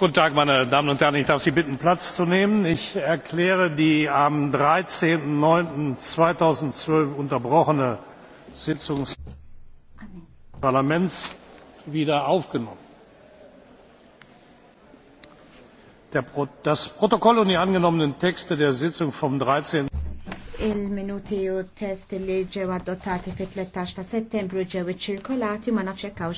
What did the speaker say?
Guten Tag, meine Damen und Herren. Ich darf Sie bitten, Platz zu nehmen. Ich erkläre die am 13.09.2012 unterbrochene Sitzung des Parlaments wieder aufgenommen. das Protokoll und die angenommenen Texte der Sitzung vom 13. Il-minuti u test li ġew adottati fit-13 ta' settembru ġew iċċirkolati ma nafx